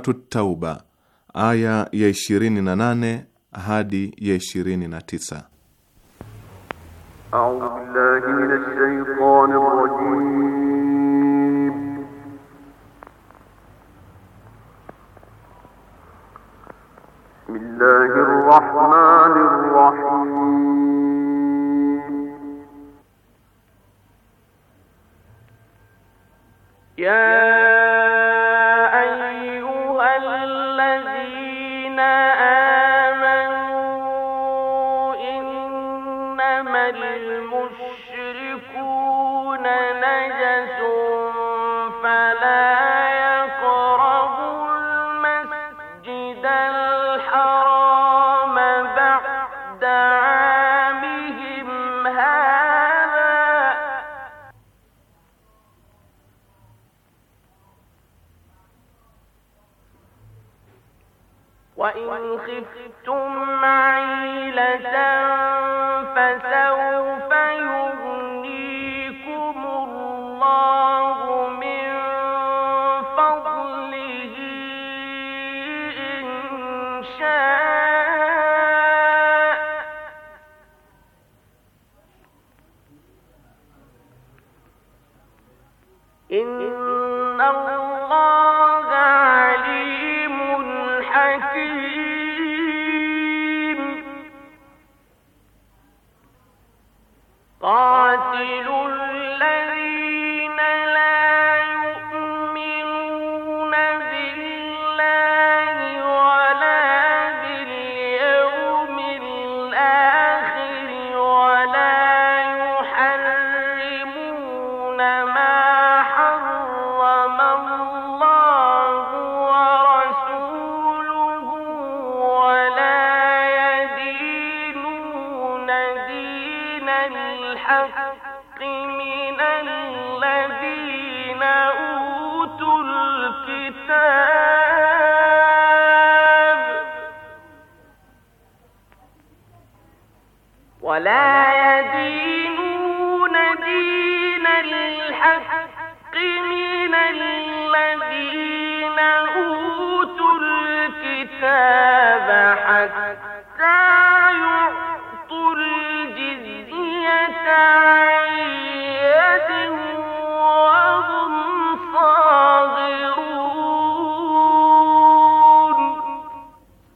Suratut Tauba aya ya 28 hadi ya 29. A'udhu billahi minash rajim. Bismillahir rahmanir rahim. Ya ولا يدينون دين الحق من الذين أوتوا الكتاب حتى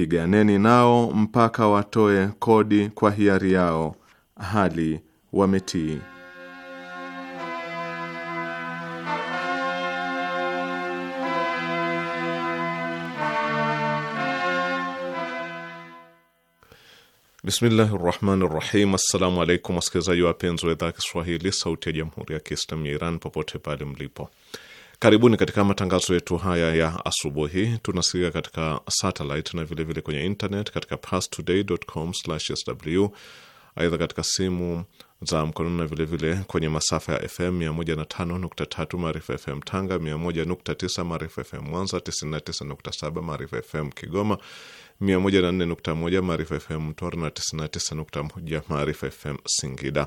Piganeni nao mpaka watoe kodi kwa hiari yao hali wametii. Bismillahi rahmani rahim. Assalamu alaikum wasikilizaji wapenzi wa idhaa ya Kiswahili, sauti ya jamhuri ya kiislamu ya Iran, popote pale mlipo Karibuni katika matangazo yetu haya ya asubuhi. Tunasikika katika satellite na vilevile vile kwenye internet katika pastoday.com/sw. Aidha, katika simu za mkononi na vilevile kwenye masafa ya FM 105.3 Maarifa FM Tanga, 101.9 Maarifa FM Mwanza, 99.7 Maarifa FM Kigoma, 104.1 Maarifa FM Mtwara na 99.1 Maarifa FM Singida.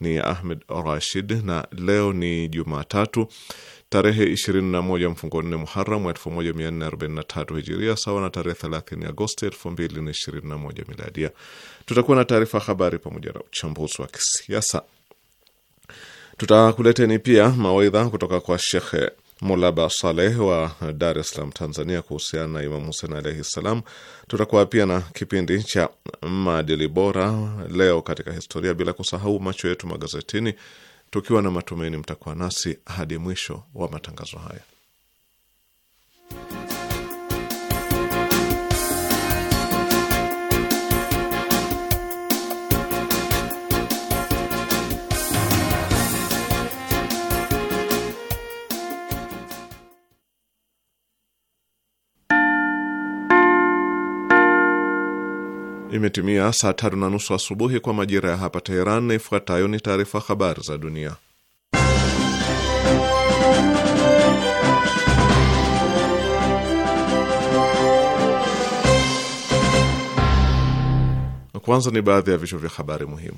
ni Ahmed Rashid na leo ni Jumatatu tarehe 21 mfungo nne Muharam 1443 Hijiria, sawa na tarehe 30 Agosti 2021 Miladia. Tutakuwa na taarifa habari pamoja na uchambuzi wa kisiasa. Tutakuleteni pia mawaidha kutoka kwa Shekhe Mulaba Saleh wa Dar es Salaam, Tanzania, kuhusiana na Imam Husen alaihi ssalam. Tutakuwa pia na kipindi cha maadili bora, leo katika historia, bila kusahau macho yetu magazetini, tukiwa na matumaini mtakuwa nasi hadi mwisho wa matangazo haya. Imetimia saa tatu na nusu asubuhi kwa majira ya hapa Teheran, na ifuatayo ni taarifa habari za dunia. Kwanza ni baadhi ya vichwa vya habari muhimu.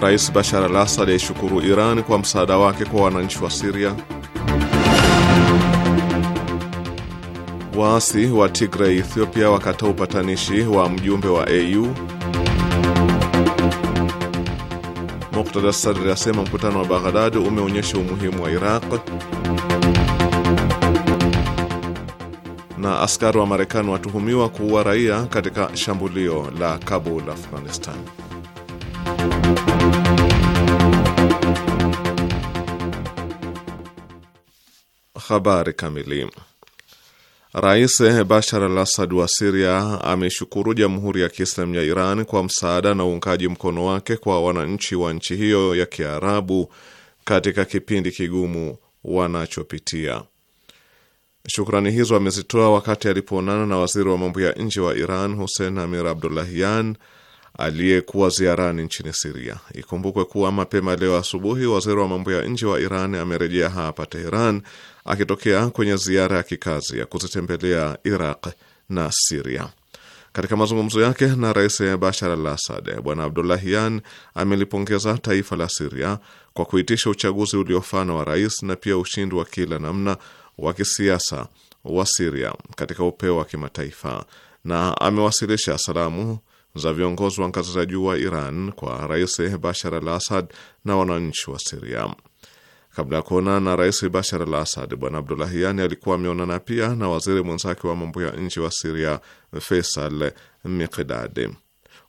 Rais Bashar al Asad aishukuru Iran kwa msaada wake kwa wananchi wa Siria. Waasi wa Tigray Ethiopia wakataa upatanishi wa mjumbe wa AU. Muktada Sadri asema mkutano wa Baghdad umeonyesha umuhimu wa Iraq. Na askari wa Marekani watuhumiwa kuua raia katika shambulio la Kabul, Afghanistan. Habari kamili Rais Bashar al Assad wa Siria ameshukuru Jamhuri ya Kiislamu ya Iran kwa msaada na uungaji mkono wake kwa wananchi wa nchi hiyo ya Kiarabu katika kipindi kigumu wanachopitia. Shukrani hizo amezitoa wakati alipoonana na waziri wa mambo ya nje wa Iran Hussein Amir Abdollahian aliyekuwa ziarani nchini Siria. Ikumbukwe kuwa mapema leo asubuhi waziri wa mambo ya nje wa Iran amerejea hapa Teheran akitokea kwenye ziara ya kikazi ya kuzitembelea Iraq na Siria. Katika mazungumzo yake na Rais Bashar al Assad, Bwana Abdullahian amelipongeza taifa la Siria kwa kuitisha uchaguzi uliofana wa rais na pia ushindi wa kila namna wa kisiasa wa Siria katika upeo wa kimataifa na amewasilisha salamu za viongozi wa ngazi za juu wa Iran kwa Rais Bashar al Assad na wananchi wa Siria. Kabla ya kuonana na Rais Bashar al Asad, Bwana Abdulahiani alikuwa ameonana pia na waziri mwenzake wa mambo ya nchi wa Siria, Faisal Miqdad.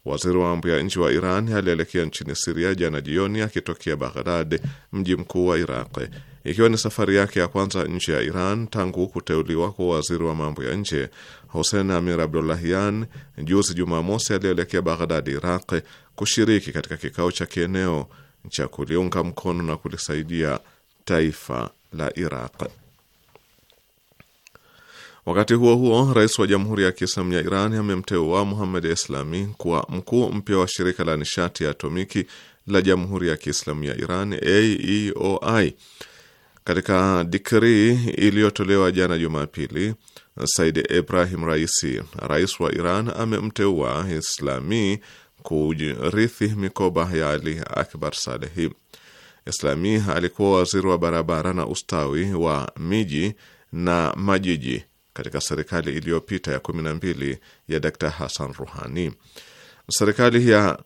Waziri wa mambo ya nchi wa Iran alielekea nchini Siria jana jioni akitokea Baghdad, mji mkuu wa Iraq, ikiwa ni safari yake ya kwanza nje ya Iran tangu kuteuliwa kwa waziri wa mambo ya nje. Hussein Amir Abdollahian juzi Jumamosi alielekea Baghdad, Iraq, kushiriki katika kikao cha kieneo cha kuliunga mkono na kulisaidia taifa la Iraq. Wakati huo huo, rais wa Jamhuri ya Kiislamu ya Iran amemteua Muhammad Islami kuwa mkuu mpya wa shirika la nishati ya atomiki la Jamhuri ya Kiislamu ya Iran AEOI. Katika dikrii iliyotolewa jana Jumapili, Said Ibrahim Raisi, rais wa Iran, amemteua Islami kurithi mikoba ya Ali Akbar Salehi. Islami alikuwa waziri wa barabara na ustawi wa miji na majiji katika serikali iliyopita ya kumi na mbili ya Dr Hassan Ruhani. Serikali ya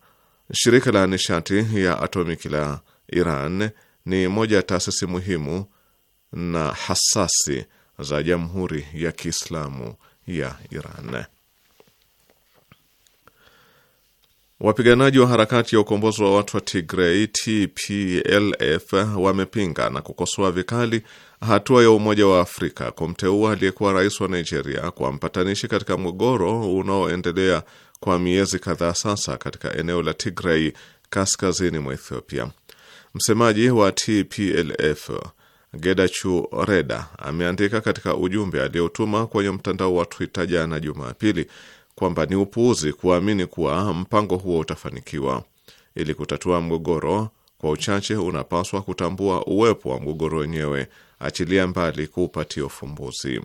shirika la nishati ya atomiki la Iran ni moja ya taasisi muhimu na hasasi za Jamhuri ya Kiislamu ya Iran. Wapiganaji wa harakati ya ukombozi wa watu wa Tigrei TPLF wamepinga na kukosoa vikali hatua ya Umoja wa Afrika kumteua aliyekuwa rais wa Nigeria kwa mpatanishi katika mgogoro unaoendelea kwa miezi kadhaa sasa katika eneo la Tigrei kaskazini mwa Ethiopia. Msemaji wa TPLF Gedachu Reda ameandika katika ujumbe aliotuma kwenye mtandao wa Twitter jana Jumapili kwamba ni upuuzi kuamini kuwa mpango huo utafanikiwa. Ili kutatua mgogoro, kwa uchache unapaswa kutambua uwepo wa mgogoro wenyewe, achilia mbali kuupatia ufumbuzi.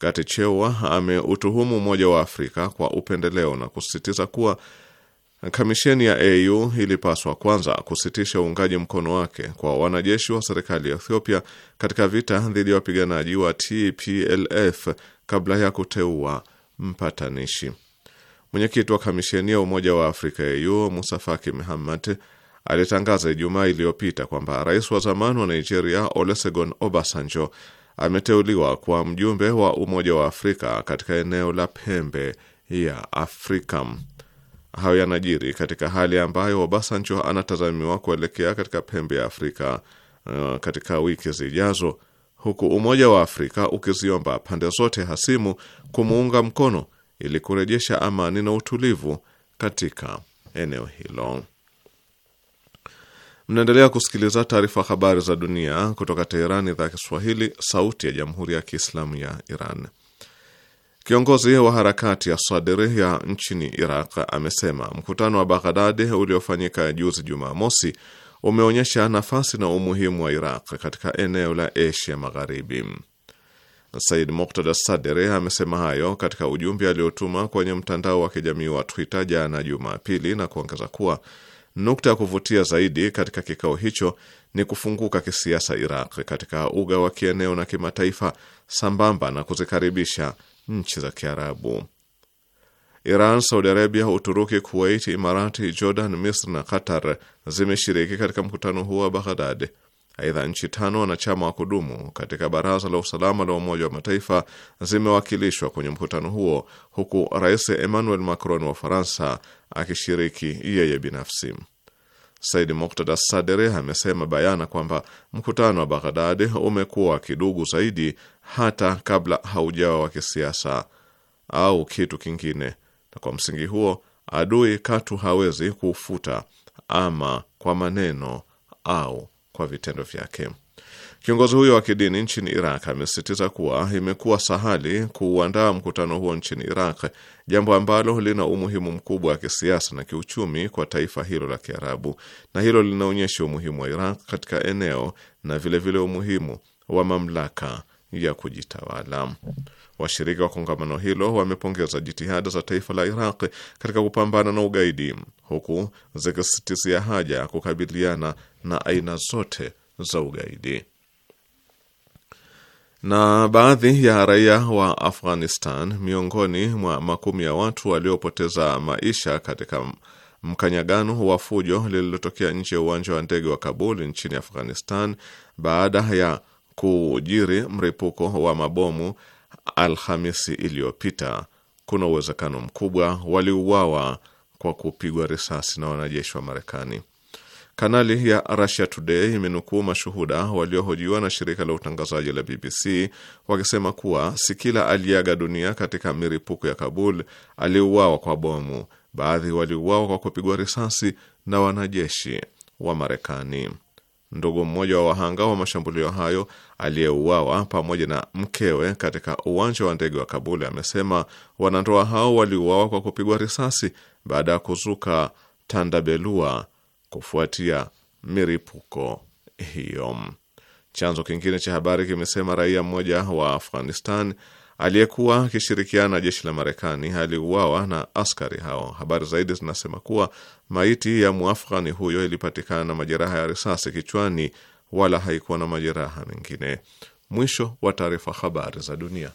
Gatichewa ameutuhumu Umoja wa Afrika kwa upendeleo na kusisitiza kuwa kamisheni ya AU ilipaswa kwanza kusitisha uungaji mkono wake kwa wanajeshi wa serikali ya Ethiopia katika vita dhidi ya wapiganaji wa TPLF kabla ya kuteua mpatanishi. Mwenyekiti wa kamisheni ya Umoja wa Afrika AU Musa Faki Muhammad alitangaza Ijumaa iliyopita kwamba rais wa zamani wa Nigeria Olusegun Obasanjo ameteuliwa kuwa mjumbe wa Umoja wa Afrika katika eneo la pembe ya Afrika. Hayo yanajiri katika hali ambayo Obasanjo anatazamiwa kuelekea katika pembe ya Afrika uh, katika wiki zijazo huku Umoja wa Afrika ukiziomba pande zote hasimu kumuunga mkono ili kurejesha amani na utulivu katika eneo hilo. Mnaendelea kusikiliza taarifa habari za dunia kutoka Teherani, idhaa ya Kiswahili, sauti ya jamhuri ya kiislamu ya Iran. Kiongozi wa harakati ya Sadri ya nchini Iraq amesema mkutano wa Baghdad uliofanyika juzi Jumamosi mosi umeonyesha nafasi na umuhimu wa Iraq katika eneo la Asia Magharibi. Said Muktada Sadere amesema hayo katika ujumbe aliotuma kwenye mtandao wa kijamii wa Twitter jana Jumapili, na kuongeza kuwa nukta ya kuvutia zaidi katika kikao hicho ni kufunguka kisiasa Iraq katika uga wa kieneo na kimataifa, sambamba na kuzikaribisha nchi za Kiarabu. Iran, Saudi Arabia, Uturuki, Kuwait, Imarati, Jordan, Misri na Qatar zimeshiriki katika mkutano huo wa Baghdad. Aidha, nchi tano wanachama wa kudumu katika Baraza la Usalama la Umoja wa Mataifa zimewakilishwa kwenye mkutano huo, huku Rais Emmanuel Macron wa Faransa akishiriki yeye binafsi. Said Muqtada Sadere amesema bayana kwamba mkutano wa Baghdad umekuwa kidugu zaidi hata kabla haujawa wa kisiasa au kitu kingine na kwa msingi huo adui katu hawezi kuufuta ama kwa maneno au kwa vitendo vyake. Kiongozi huyo wa kidini nchini Iraq amesisitiza kuwa imekuwa sahali kuuandaa mkutano huo nchini Iraq, jambo ambalo lina umuhimu mkubwa wa kisiasa na kiuchumi kwa taifa hilo la Kiarabu, na hilo linaonyesha umuhimu wa Iraq katika eneo na vilevile vile umuhimu wa mamlaka ya kujitawala. Washirika wa kongamano hilo wamepongeza jitihada za taifa la Iraq katika kupambana na ugaidi, huku zikisisitizia haja ya kukabiliana na aina zote za ugaidi. Na baadhi ya raia wa Afghanistan, miongoni mwa makumi ya watu waliopoteza maisha katika mkanyagano wa fujo lililotokea nje ya uwanja wa ndege wa Kabul nchini Afghanistan baada ya kujiri mripuko wa mabomu Alhamisi iliyopita, kuna uwezekano mkubwa waliuawa kwa kupigwa risasi na wanajeshi wa Marekani. Kanali ya Russia Today imenukuu mashuhuda waliohojiwa na shirika la utangazaji la BBC wakisema kuwa si kila aliyeaga dunia katika miripuko ya Kabul aliuawa kwa bomu. Baadhi waliuawa kwa kupigwa risasi na wanajeshi wa Marekani. Ndugu mmoja wa wahanga wa mashambulio hayo aliyeuawa pamoja na mkewe katika uwanja wa ndege wa Kabuli amesema wanandoa hao waliuawa kwa kupigwa risasi baada ya kuzuka tandabelua kufuatia miripuko hiyo. Chanzo kingine cha habari kimesema raia mmoja wa Afghanistan aliyekuwa akishirikiana na jeshi la Marekani aliuawa na askari hao. Habari zaidi zinasema kuwa maiti ya Muafghani huyo ilipatikana na majeraha ya risasi kichwani, wala haikuwa na majeraha mengine. Mwisho wa taarifa. Habari za dunia.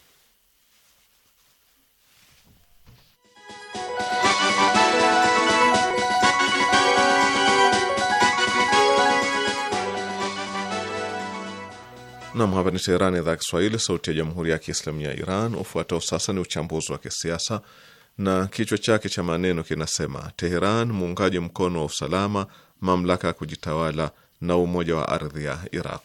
Nam, hapa ni teheran idhaa ya Kiswahili, sauti ya jamhuri ya kiislamu ya Iran. Ufuatao sasa ni uchambuzi wa kisiasa na kichwa chake cha maneno kinasema: Teheran, muungaji mkono wa usalama, mamlaka ya kujitawala na umoja wa ardhi ya Iraq.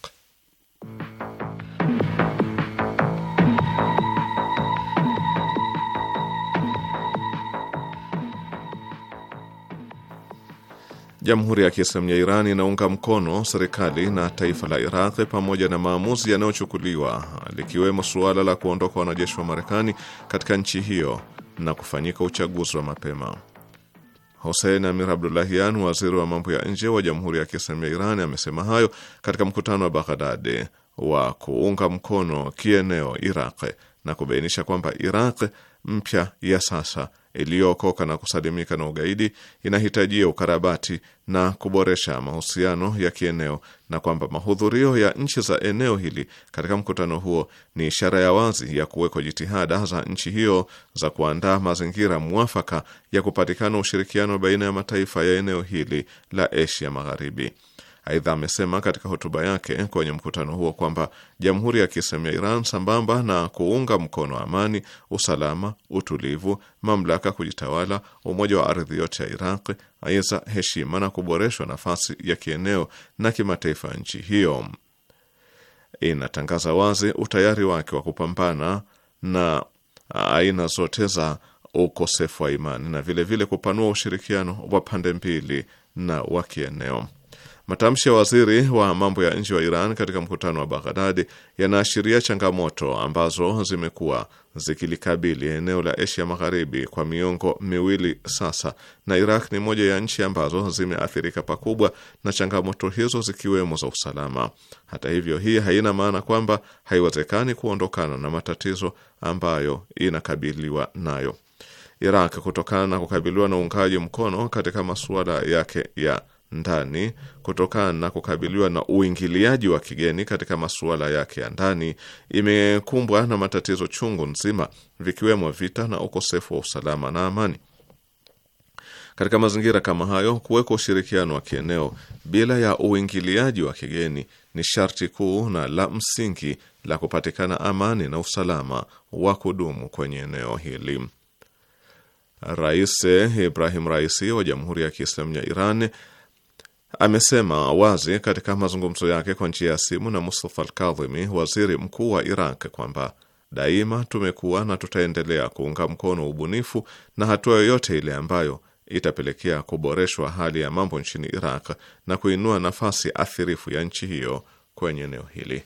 Jamhuri ya Kiislamu ya Iran inaunga mkono serikali na taifa la Iraq pamoja na maamuzi yanayochukuliwa likiwemo suala la kuondoka wanajeshi wa Marekani katika nchi hiyo na kufanyika uchaguzi wa mapema. Hossein Amir Abdullahian, waziri wa mambo ya nje wa Jamhuri ya Kiislamu ya Iran, amesema hayo katika mkutano wa Baghdad wa kuunga mkono kieneo Iraq na kubainisha kwamba Iraq mpya ya sasa iliyookoka na kusalimika na ugaidi inahitajia ukarabati na kuboresha mahusiano ya kieneo na kwamba mahudhurio ya nchi za eneo hili katika mkutano huo ni ishara ya wazi ya kuwekwa jitihada za nchi hiyo za kuandaa mazingira mwafaka ya kupatikana ushirikiano baina ya mataifa ya eneo hili la Asia Magharibi. Aidha, amesema katika hotuba yake kwenye mkutano huo kwamba Jamhuri ya Kiislamu ya Iran sambamba na kuunga mkono amani, usalama, utulivu, mamlaka kujitawala, umoja wa ardhi yote ya Iraq, aiza heshima na kuboreshwa nafasi ya kieneo na kimataifa ya nchi hiyo, inatangaza wazi utayari wake wa kupambana na aina zote za ukosefu wa imani na vilevile vile kupanua ushirikiano wa pande mbili na wa kieneo. Matamshi ya waziri wa mambo ya nje wa Iran katika mkutano wa Baghdadi yanaashiria changamoto ambazo zimekuwa zikilikabili eneo la Asia Magharibi kwa miongo miwili sasa, na Iraq ni moja ya nchi ambazo zimeathirika pakubwa na changamoto hizo zikiwemo za usalama. Hata hivyo, hii haina maana kwamba haiwezekani kuondokana na matatizo ambayo inakabiliwa nayo Iraq kutokana na kukabiliwa na uungaji mkono katika masuala yake ya ndani kutokana na kukabiliwa na uingiliaji wa kigeni katika masuala yake ya ndani, imekumbwa na matatizo chungu nzima, vikiwemo vita na ukosefu wa usalama na amani. Katika mazingira kama hayo, kuweka ushirikiano wa kieneo bila ya uingiliaji wa kigeni ni sharti kuu na la msingi la kupatikana amani na usalama wa kudumu kwenye eneo hili. Rais Ibrahim Raisi wa Jamhuri ya Kiislamu ya Iran amesema wazi katika mazungumzo yake kwa njia ya simu na Mustafa alkadhimi waziri mkuu wa Iraq, kwamba daima tumekuwa na tutaendelea kuunga mkono ubunifu na hatua yoyote ile ambayo itapelekea kuboreshwa hali ya mambo nchini Iraq na kuinua nafasi athirifu ya nchi hiyo kwenye eneo hili.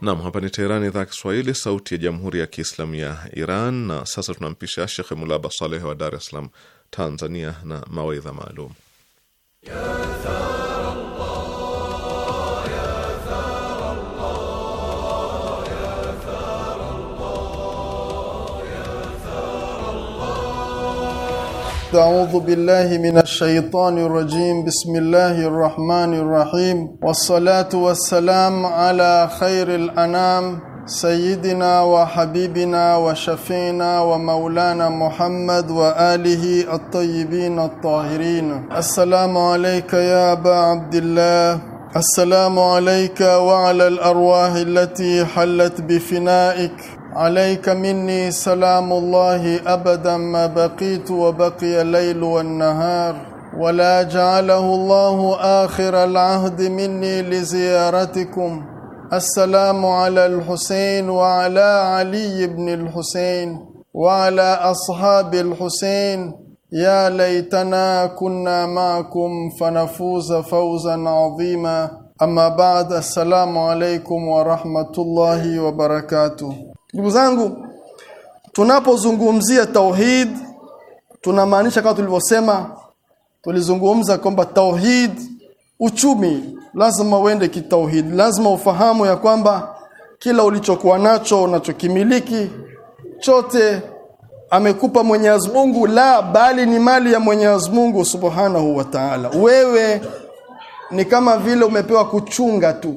Nam, hapa ni Teherani, idhaa Kiswahili, sauti ya jamhuri ya kiislamu ya Iran. Na sasa tunampisha Shekhe Mulaba Saleh wa Dar es Salaam, Tanzania, na mawaidha maalum. أعوذ بالله من الشيطان الرجيم بسم الله الرحمن الرحيم والصلاة والسلام على خير الأنام سيدنا وحبيبنا وشفينا ومولانا محمد وآله الطيبين الطاهرين السلام عليك يا أبا عبد الله السلام عليك وعلى الأرواح التي حلت بفنائك عليك مني سلام الله أبدا ما بقيت وبقي الليل والنهار ولا جعله الله آخر العهد مني لزيارتكم السلام على الحسين وعلى علي بن الحسين وعلى أصحاب الحسين يا ليتنا كنا معكم فنفوز فوزا عظيما أما بعد السلام عليكم ورحمة الله وبركاته Ndugu zangu tunapozungumzia tauhid tunamaanisha kama tulivyosema tulizungumza kwamba tauhid uchumi lazima uende kitauhid lazima ufahamu ya kwamba kila ulichokuwa nacho unachokimiliki chote amekupa Mwenyezi Mungu la bali ni mali ya Mwenyezi Mungu Subhanahu wa Ta'ala wewe ni kama vile umepewa kuchunga tu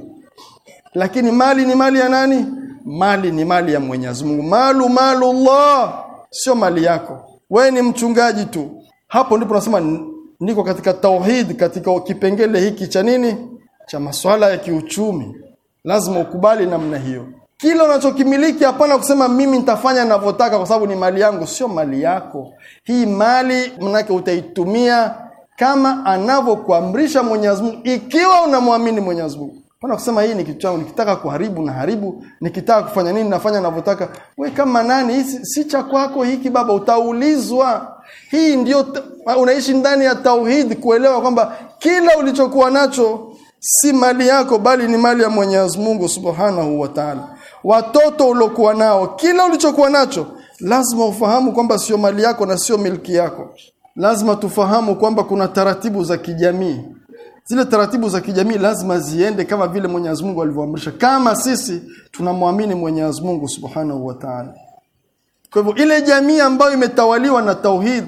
lakini mali ni mali ya nani mali ni mali ya Mwenyezi Mungu. Malu Allah, sio mali yako. Wewe ni mchungaji tu. Hapo ndipo nasema niko katika tauhid, katika kipengele hiki cha nini cha masuala ya kiuchumi. Lazima ukubali namna hiyo. Kila unachokimiliki hapana kusema mimi nitafanya ninavyotaka kwa sababu ni mali yangu, sio mali yako. Hii mali manake utaitumia kama anavyokuamrisha Mwenyezi Mungu ikiwa unamwamini Mwenyezi Mungu. Mbona kusema hii ni kitu changu, nikitaka kuharibu na haribu, nikitaka kufanya nini nafanya ninavyotaka. We kama nani, hii si cha kwako hiki baba, utaulizwa. Hii ndio unaishi ndani ya tauhid, kuelewa kwamba kila ulichokuwa nacho si mali yako, bali ni mali ya Mwenyezi Mungu Subhanahu wa Ta'ala. Watoto uliokuwa nao, kila ulichokuwa nacho lazima ufahamu kwamba sio mali yako na sio milki yako. Lazima tufahamu kwamba kuna taratibu za kijamii zile taratibu za kijamii lazima ziende kama vile Mwenyezi Mungu alivyoamrisha, kama sisi tunamwamini Mwenyezi Mungu Subhanahu wa Ta'ala. Kwa hivyo ile jamii ambayo imetawaliwa na tauhid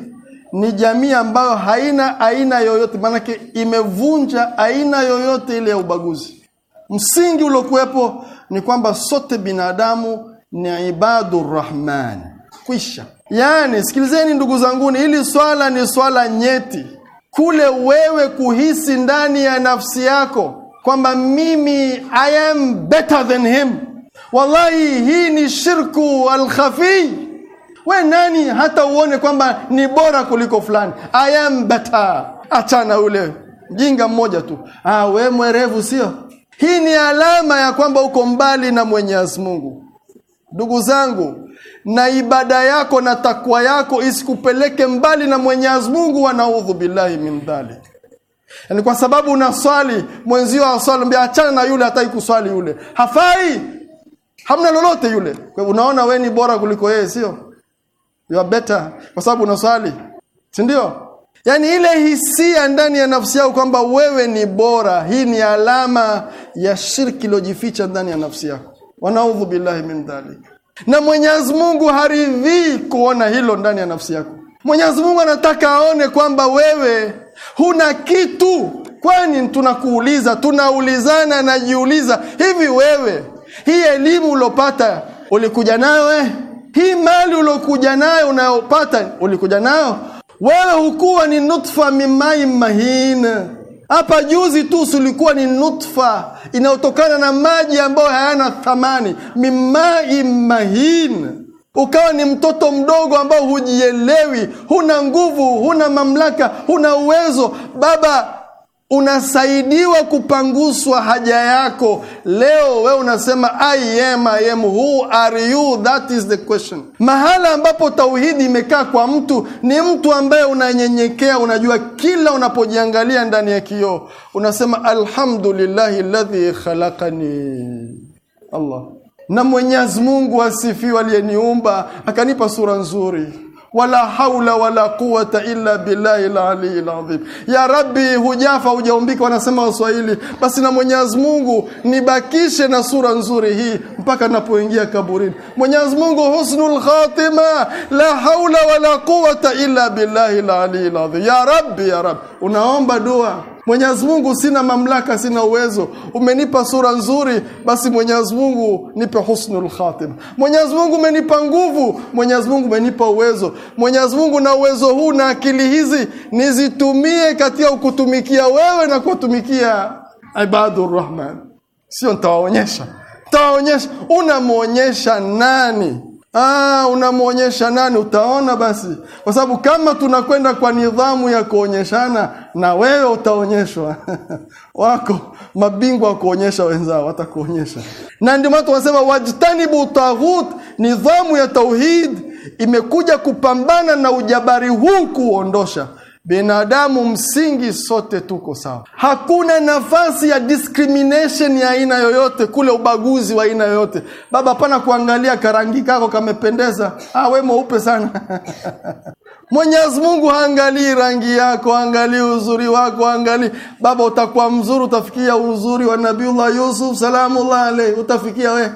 ni jamii ambayo haina aina yoyote, maanake imevunja aina yoyote ile ya ubaguzi. Msingi uliokuwepo ni kwamba sote binadamu ni ibadu rahman, kwisha. Yaani, sikilizeni ndugu zanguni, hili swala ni swala nyeti kule wewe kuhisi ndani ya nafsi yako kwamba mimi I am better than him. Wallahi, hii ni shirku alkhafi. We nani hata uone kwamba ni bora kuliko fulani, I am better. Achana ule mjinga mmoja tu, ah, we mwerevu sio? Hii ni alama ya kwamba uko mbali na Mwenyezi Mungu ndugu zangu na ibada yako na takwa yako isikupeleke mbali na Mwenyezi Mungu wanaudhu billahi min dhalik yani kwa sababu unaswali mwenzio aswali mbia achana na yule hataki kuswali yule hafai hamna lolote yule kwa unaona wewe ni bora kuliko yeye sio you are better kwa sababu unaswali si ndio Yaani ile hisia ndani ya nafsi yako kwamba wewe ni bora, hii ni alama ya shirki iliyojificha ndani ya nafsi yako wanaudhu billahi min dhalik. Na Mwenyezi Mungu haridhii kuona hilo ndani ya nafsi yako. Mwenyezi Mungu anataka aone kwamba wewe huna kitu. Kwani tunakuuliza, tunaulizana, najiuliza, hivi wewe hii elimu ulopata ulikuja nayo eh? Hii mali uliokuja nayo unayopata ulikuja nayo wewe? Hukuwa ni nutfa mimai mahina hapa juzi tu sulikuwa ni nutfa inayotokana na maji ambayo hayana thamani, mimai mahin, ukawa ni mtoto mdogo ambao hujielewi, huna nguvu, huna mamlaka, huna uwezo. Baba unasaidiwa kupanguswa haja yako leo. wewe unasema I am, I am. Who are you? That is the question. Mahala ambapo tauhidi imekaa kwa mtu ni mtu ambaye unanyenyekea, unajua kila unapojiangalia ndani ya kioo unasema alhamdulillahi ladhi khalaqani Allah, na Mwenyezi Mungu asifiwe aliyeniumba akanipa sura nzuri wala haula wala quwata illa billahi aliyil ladhim ya rabbi hujafa hujaumbika wanasema waswahili basi na Mwenyezi Mungu nibakishe na sura nzuri hii mpaka napoingia kaburini Mwenyezi Mungu husnul khatima la haula wala quwata illa billahi aliyil ladhim ya rabbi ya rabbi unaomba dua Mwenyezi Mungu, sina mamlaka, sina uwezo. Umenipa sura nzuri, basi Mwenyezi Mungu nipe husnul khatima. Mwenyezi Mungu umenipa nguvu, Mwenyezi Mungu umenipa uwezo. Mwenyezi Mungu, na uwezo huu na akili hizi nizitumie katika ukutumikia wewe na kuwatumikia ibadur rahman. Sio ntawaonyesha nitawaonyesha. Unamwonyesha nani? Ah, unamwonyesha nani? Utaona basi, kwa sababu kama tunakwenda kwa nidhamu ya kuonyeshana na wewe utaonyeshwa wako mabingwa wa kuonyesha wenzao watakuonyesha na ndio maana tunasema wajtanibu taghut nidhamu ya tauhid imekuja kupambana na ujabari huu kuondosha Binadamu msingi sote tuko sawa. Hakuna nafasi ya discrimination ya aina yoyote kule, ubaguzi wa aina yoyote. Baba, hapana kuangalia karangi kako kamependeza, ah, we mweupe sana Mwenyezi Mungu haangalii rangi yako, haangalii uzuri wako, haangalii baba. Utakuwa mzuri, utafikia uzuri wa Nabiullah Yusuf salamullah alaihi, utafikia we,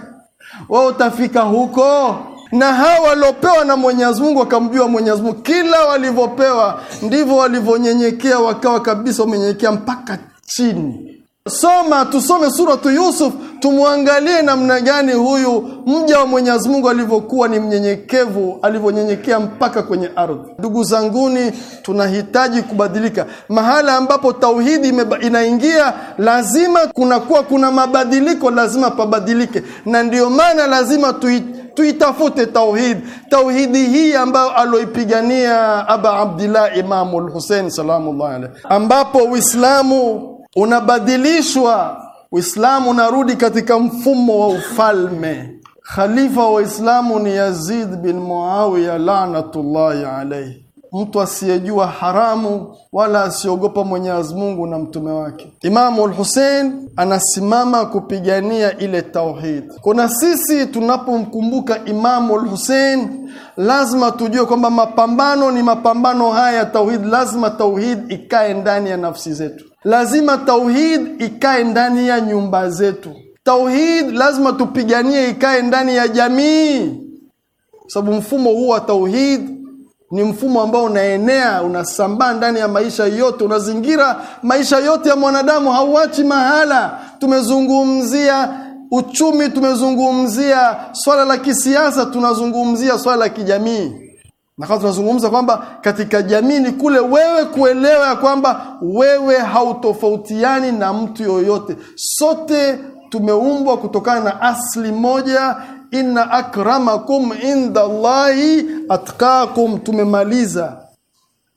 we utafika huko na hawa waliopewa na Mwenyezi Mungu wakamjua Mwenyezi Mungu. Kila walivyopewa ndivyo walivyonyenyekea, wakawa kabisa wamenyenyekea mpaka chini. Soma, tusome suratu Yusuf, tumwangalie namna gani huyu mja wa Mwenyezi Mungu alivyokuwa ni mnyenyekevu, alivyonyenyekea mpaka kwenye ardhi. Ndugu zanguni, tunahitaji kubadilika. Mahala ambapo tauhidi inaingia, lazima kunakuwa kuna mabadiliko, lazima pabadilike, na ndiyo maana lazima tui tuitafute tauhid tauhidi hii ambayo aloipigania aba abdillah imamu lhusein salamullah alaihi ambapo uislamu unabadilishwa uislamu unarudi katika mfumo wa ufalme khalifa wa islamu ni Yazid bin Muawiya lanatullahi alayhi mtu asiyejua haramu wala asiogopa Mwenyezi Mungu na mtume wake. Imamu al-Hussein anasimama kupigania ile tauhid. Kuna sisi tunapomkumbuka Imamu al-Hussein lazima tujue kwamba mapambano ni mapambano haya ya tauhid. Lazima tauhid ikae ndani ya nafsi zetu, lazima tauhid ikae ndani ya nyumba zetu. Tauhid lazima tupiganie ikae ndani ya jamii, sababu mfumo huu wa tauhid ni mfumo ambao unaenea unasambaa ndani ya maisha yote unazingira maisha yote ya mwanadamu hauachi mahala tumezungumzia uchumi tumezungumzia swala la kisiasa tunazungumzia swala la kijamii na kama tunazungumza kwamba katika jamii ni kule wewe kuelewa ya kwamba wewe hautofautiani na mtu yoyote sote tumeumbwa kutokana na asli moja inna akramakum inda llahi atqakum tumemaliza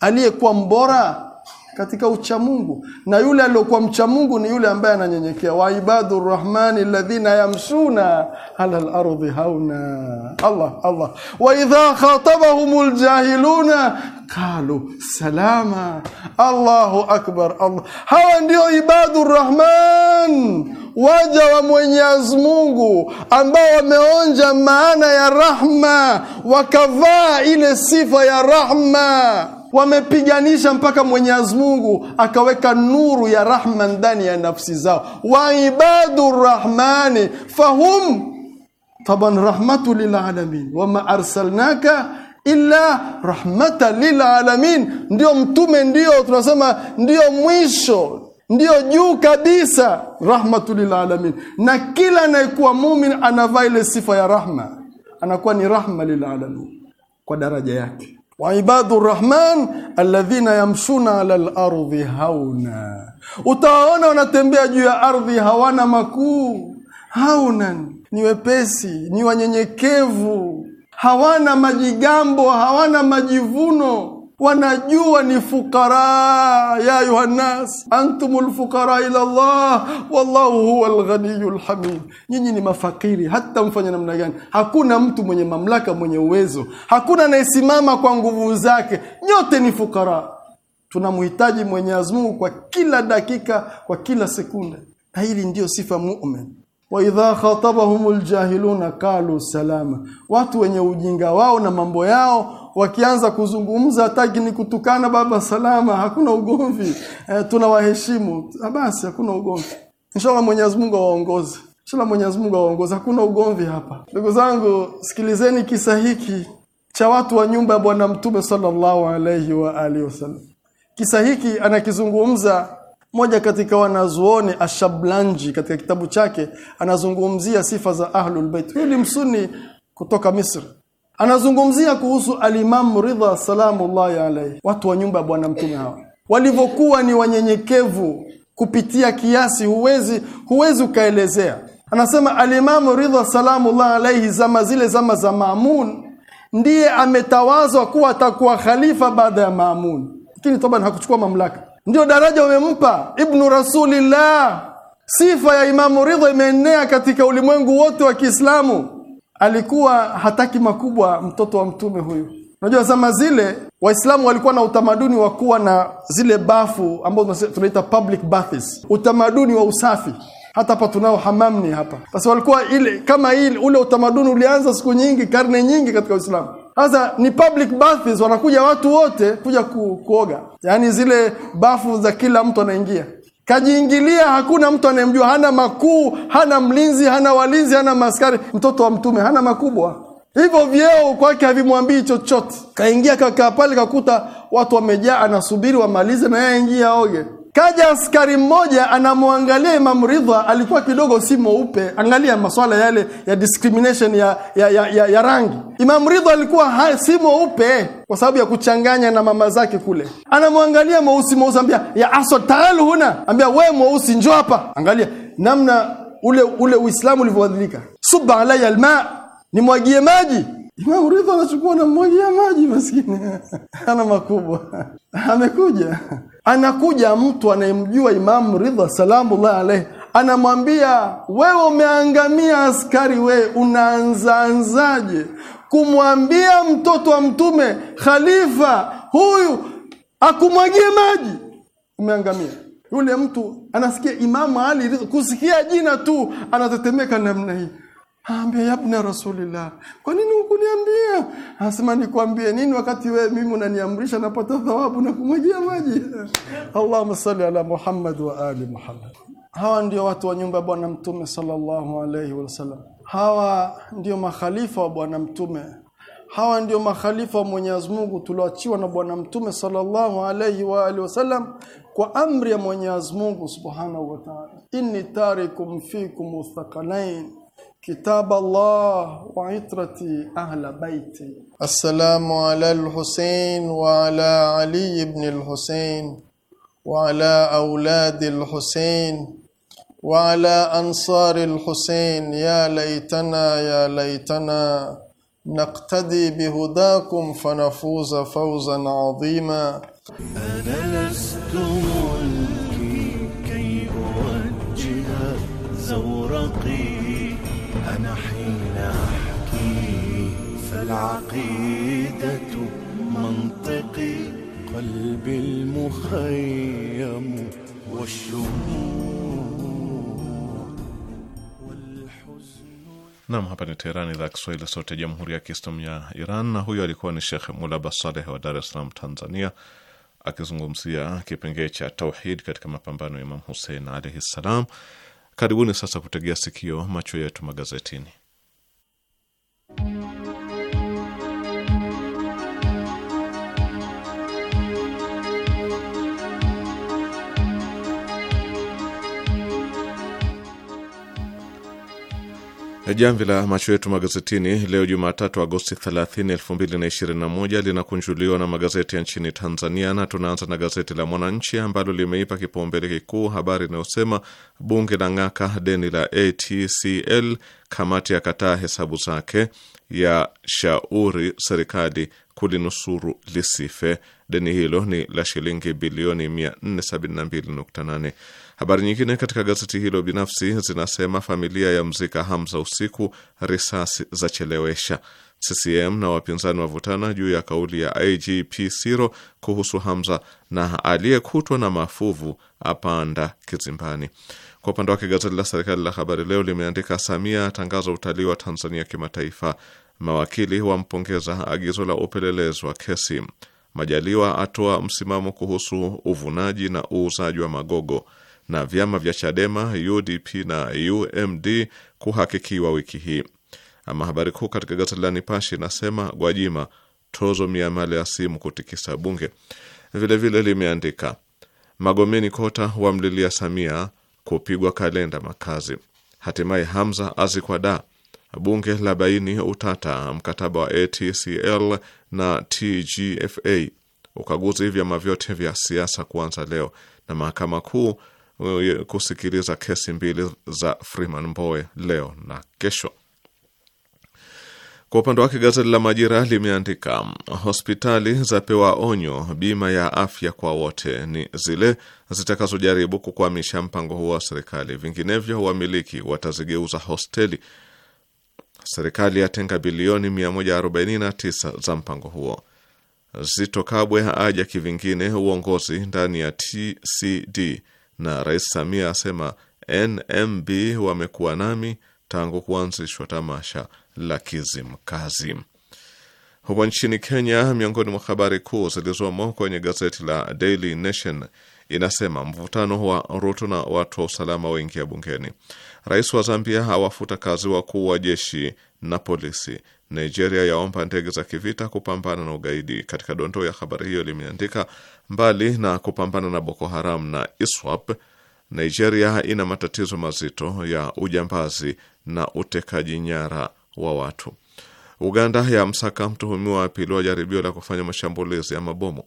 aliyekuwa mbora katika uchamungu na yule aliyokuwa mchamungu ni yule ambaye ananyenyekea wa ibadu rahmani alladhina yamshuna ala al-ardi hauna Allah Allah wa idha khatabahumul jahiluna qalu salama Allahu akbar Allah hawa ndio ibadu rahman waja wa Mwenyezi Mungu ambao wameonja maana ya rahma wakavaa ile sifa ya rahma wamepiganisha mpaka Mwenyezi Mungu akaweka nuru ya rahma ndani ya nafsi zao. wa ibadu rahmani fahum taban rahmatu lilalamin wama arsalnaka illa rahmata lilalamin. Ndio mtume, ndio tunasema ndio mwisho ndio juu kabisa, rahmatu lilalamin. Na kila anayekuwa mumin anavaa ile sifa ya rahma, anakuwa ni rahma lilalamin kwa daraja yake wa ibadu rahman alladhina yamshuna ala lardhi hauna, utawaona wanatembea juu ya ardhi hawana makuu. Haunan ni wepesi, ni wanyenyekevu, hawana majigambo, hawana majivuno wanajua ni fukara ya ayuha antum antumul ila llah wallahu huwa lghaniyu lhamid, nyinyi ni mafakiri hata mfanye namna gani hakuna mtu mwenye mamlaka mwenye uwezo hakuna anayesimama kwa nguvu zake nyote ni fukara tunamhitaji Mwenyezi Mungu kwa kila dakika kwa kila sekunde na hili ndiyo sifa mu'min Waidha khatabahum ljahiluna kalu salama watu wenye ujinga wao na mambo yao wakianza kuzungumza taki ni kutukana baba salama hakuna ugomvi e, tunawaheshimu ah, basi hakuna ugomvi inshallah Mwenyezi Mungu awaongoze inshallah Mwenyezi Mungu awaongoze hakuna ugomvi hapa ndugu zangu sikilizeni kisa hiki cha watu wa nyumba ya bwana mtume sallallahu alayhi wa alihi wasallam kisa hiki anakizungumza moja katika wanazuoni Ashablanji katika kitabu chake anazungumzia sifa za Ahlul Bait. Huyu ni msuni kutoka Misri anazungumzia kuhusu alimamu Ridha salamullahi alaihi, watu wa nyumba ya bwana mtume hawa walivyokuwa ni wanyenyekevu kupitia kiasi huwezi huwezi ukaelezea anasema alimamu Ridha salamullahi alaihi, zama zile zama za Maamun ndiye ametawazwa kuwa atakuwa khalifa baada ya Maamun lakini toban hakuchukua mamlaka ndio daraja wamempa ibnu rasulillah sifa ya imamu Ridha imeenea katika ulimwengu wote wa Kiislamu alikuwa hataki makubwa mtoto wa mtume huyu Unajua zama zile Waislamu walikuwa na utamaduni wa kuwa na zile bafu ambazo tunaita public baths, utamaduni wa usafi. Hata hapa tunao hamamni hapa. Sasa walikuwa ile kama ile ule utamaduni ulianza siku nyingi, karne nyingi katika Uislamu. Sasa ni public baths, wanakuja watu wote kuja ku, kuoga, yaani zile bafu za kila mtu anaingia kajiingilia, hakuna mtu anayemjua, hana makuu, hana mlinzi, hana walinzi, hana maskari, mtoto wa mtume hana makubwa hivyo vyeo kwake havimwambii chochote. Kaingia kakaa pale, kakuta watu wamejaa, anasubiri wamalize na yeye aingie aoge. Kaja askari mmoja anamwangalia Imam Ridha, alikuwa kidogo si mweupe. Angalia maswala yale ya discrimination ya, ya, ya, ya, ya rangi. Imam Ridha alikuwa si mweupe kwa sababu ya kuchanganya na mama zake kule. Anamwangalia mweusi mweusi, ambia ya Aswad, taalu huna, ambia we mweusi njo hapa. Angalia namna ule ule Uislamu ulivyobadilika. Suba alaya alma, nimwagie maji. Imam Ridha anachukua na maji, maskini ana makubwa amekuja Anakuja mtu anayemjua Imamu Ridha salamullahi alaihi, anamwambia wewe, umeangamia askari, wee unaanzaanzaje kumwambia mtoto wa Mtume khalifa huyu akumwagie maji? Umeangamia. Yule mtu anasikia Imamu Ali, kusikia jina tu anatetemeka namna hii. Ambia yabna rasulillah. Kwa nini hukuniambia? Anasema nikwambie nini wakati we mimi unaniamrisha napata thawabu na kumwagia maji. Allahumma salli ala Muhammad wa ali Muhammad. Hawa ndio watu wa nyumba ya Bwana Mtume sallallahu alaihi wasallam. Hawa ndio makhalifa wa Bwana Mtume. Hawa ndio makhalifa wa Mwenyezi Mungu tulioachiwa na Bwana Mtume sallallahu alayhi wa alihi wasallam kwa amri ya Mwenyezi Mungu subhanahu wa ta'ala. Inni tarikum fikum thaqalain كتاب الله وعطرتي أهل بيتي السلام على الحسين وعلى علي بن الحسين وعلى أولاد الحسين وعلى أنصار الحسين يا ليتنا يا ليتنا نقتدي بهداكم فنفوز فوزا عظيما أنا لست العقيدة منطقي قلب المخيم والشموع Nam, hapa ni Teherani, idhaa ya Kiswahili, sauti ya jamhuri ya kiislamu ya Iran. Na huyo alikuwa ni Shekh Mulaba Saleh wa Dar es Salaam, Tanzania, akizungumzia kipengee cha tauhid katika mapambano ya Imam Husein alaihi ssalam. Karibuni sasa kutegea sikio macho yetu magazetini. Jamvi la macho yetu magazetini leo Jumatatu, Agosti 30, 2021 linakunjuliwa na magazeti ya nchini Tanzania, na tunaanza na gazeti la Mwananchi ambalo limeipa kipaumbele kikuu habari inayosema bunge la ng'aka deni la ATCL, kamati ya kataa hesabu zake, ya shauri serikali kulinusuru lisife Deni hilo ni la shilingi bilioni 472.8. Habari nyingine katika gazeti hilo binafsi zinasema familia ya mzika Hamza usiku, risasi za chelewesha. CCM na wapinzani wavutana juu ya kauli ya IGP Siro kuhusu Hamza na aliyekutwa na mafuvu apanda kizimbani. Kwa upande wake gazeti la serikali la Habari Leo limeandika Samia atangaza utalii wa Tanzania kimataifa, mawakili wampongeza agizo la upelelezi wa kesi Majaliwa atoa msimamo kuhusu uvunaji na uuzaji wa magogo, na vyama vya Chadema, UDP na UMD kuhakikiwa wiki hii. Ama habari kuu katika gazeti la Nipashe inasema Gwajima, tozo miamala ya simu kutikisa bunge. Vilevile limeandika Magomeni Kota wamlilia Samia kupigwa kalenda makazi. Hatimaye Hamza azikwa da bunge la baini utata mkataba wa ATCL na TGFA. Ukaguzi vyama vyote vya siasa kuanza leo, na mahakama kuu eh, kusikiliza kesi mbili za Freeman Mbowe leo na kesho. Kwa upande wake gazeti la Majira limeandika hospitali zapewa onyo, bima ya afya kwa wote ni zile zitakazojaribu kukwamisha mpango huo wa serikali, vinginevyo wamiliki watazigeuza hosteli Serikali yatenga bilioni 149 za mpango huo. Zito Kabwe aja kivingine uongozi ndani ya TCD na Rais Samia asema NMB wamekuwa nami tangu kuanzishwa tamasha la Kizimkazi. Huko nchini Kenya, miongoni mwa habari kuu zilizomo kwenye gazeti la Daily Nation inasema mvutano wa Ruto na watu wa usalama waingia bungeni. Rais wa Zambia awafuta kazi wakuu wa jeshi na polisi. Nigeria yaomba ndege za kivita kupambana na ugaidi. Katika dondoo ya habari hiyo limeandika, mbali na kupambana na Boko Haram na ISWAP, Nigeria ina matatizo mazito ya ujambazi na utekaji nyara wa watu. Uganda yamsaka mtuhumiwa wa pili wa jaribio la kufanya mashambulizi ya mabomu.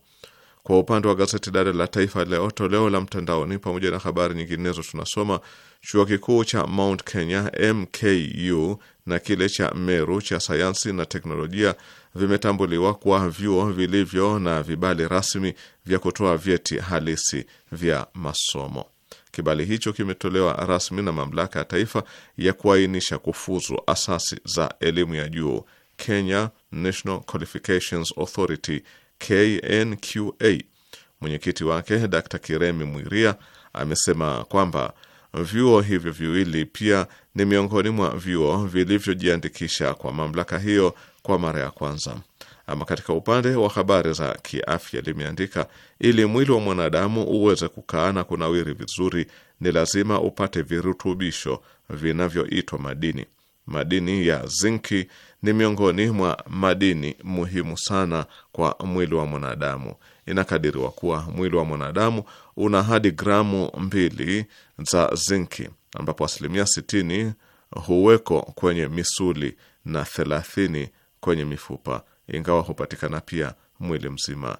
Kwa upande wa gazeti dada la Taifa Leo toleo la mtandaoni, pamoja na habari nyinginezo, tunasoma chuo kikuu cha Mount Kenya MKU na kile cha Meru cha sayansi na teknolojia vimetambuliwa kuwa vyuo vilivyo na vibali rasmi vya kutoa vyeti halisi vya masomo. Kibali hicho kimetolewa rasmi na mamlaka ya taifa ya kuainisha kufuzu asasi za elimu ya juu, Kenya National Qualifications Authority KNQA. Mwenyekiti wake Dr. Kiremi Mwiria amesema kwamba vyuo hivyo viwili pia ni miongoni mwa vyuo vilivyojiandikisha kwa mamlaka hiyo kwa mara ya kwanza. Ama katika upande wa habari za kiafya limeandika, ili mwili wa mwanadamu uweze kukaa na kunawiri vizuri, ni lazima upate virutubisho vinavyoitwa madini. Madini ya zinki ni miongoni mwa madini muhimu sana kwa mwili wa mwanadamu. Inakadiriwa kuwa mwili wa mwanadamu una hadi gramu mbili za zinki, ambapo asilimia sitini huweko kwenye misuli na thelathini kwenye mifupa, ingawa hupatikana pia mwili mzima.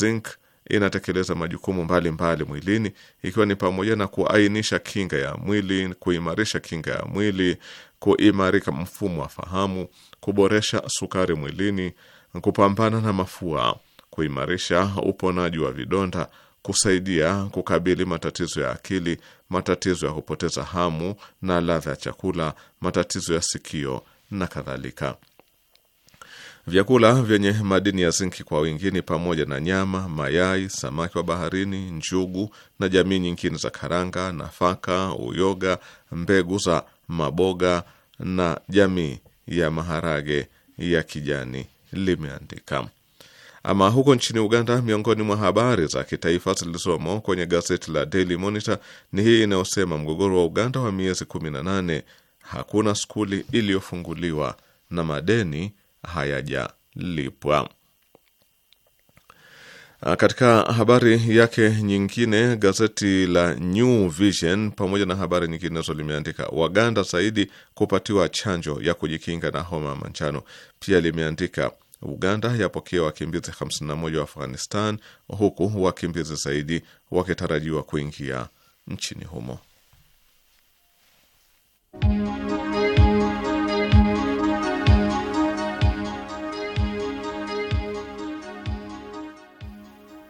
Zinc inatekeleza majukumu mbalimbali mbali mwilini, ikiwa ni pamoja na kuainisha kinga ya mwili, kuimarisha kinga ya mwili kuimarika mfumo wa fahamu, kuboresha sukari mwilini, kupambana na mafua, kuimarisha uponaji wa vidonda, kusaidia kukabili matatizo ya akili, matatizo ya kupoteza hamu na ladha ya chakula, matatizo ya sikio na kadhalika. Vyakula vyenye madini ya zinki kwa wingi ni pamoja na nyama, mayai, samaki wa baharini, njugu na jamii nyingine za karanga, nafaka, uyoga, mbegu za maboga na jamii ya maharage ya kijani limeandika. Ama huko nchini Uganda, miongoni mwa habari za kitaifa zilizomo kwenye gazeti la Daily Monitor ni hii inayosema mgogoro wa Uganda wa miezi 18, hakuna skuli iliyofunguliwa na madeni hayajalipwa. Ah, katika habari yake nyingine, gazeti la New Vision pamoja na habari nyinginezo limeandika Waganda zaidi kupatiwa chanjo ya kujikinga na homa ya manjano. Pia limeandika Uganda yapokea wakimbizi 51 wa Afghanistan, huku wakimbizi zaidi wakitarajiwa kuingia nchini humo.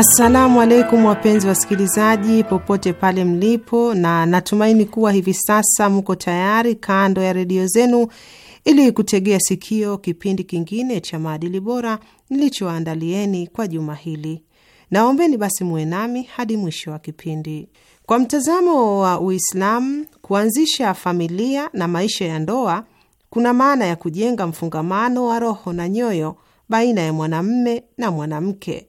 Assalamu alaikum wapenzi wasikilizaji, popote pale mlipo, na natumaini kuwa hivi sasa mko tayari kando ya redio zenu ili kutegea sikio kipindi kingine cha maadili bora nilichoandalieni kwa juma hili. Naombeni basi muwe nami hadi mwisho wa kipindi. Kwa mtazamo wa Uislamu, kuanzisha familia na maisha ya ndoa kuna maana ya kujenga mfungamano wa roho na nyoyo baina ya mwanamme na mwanamke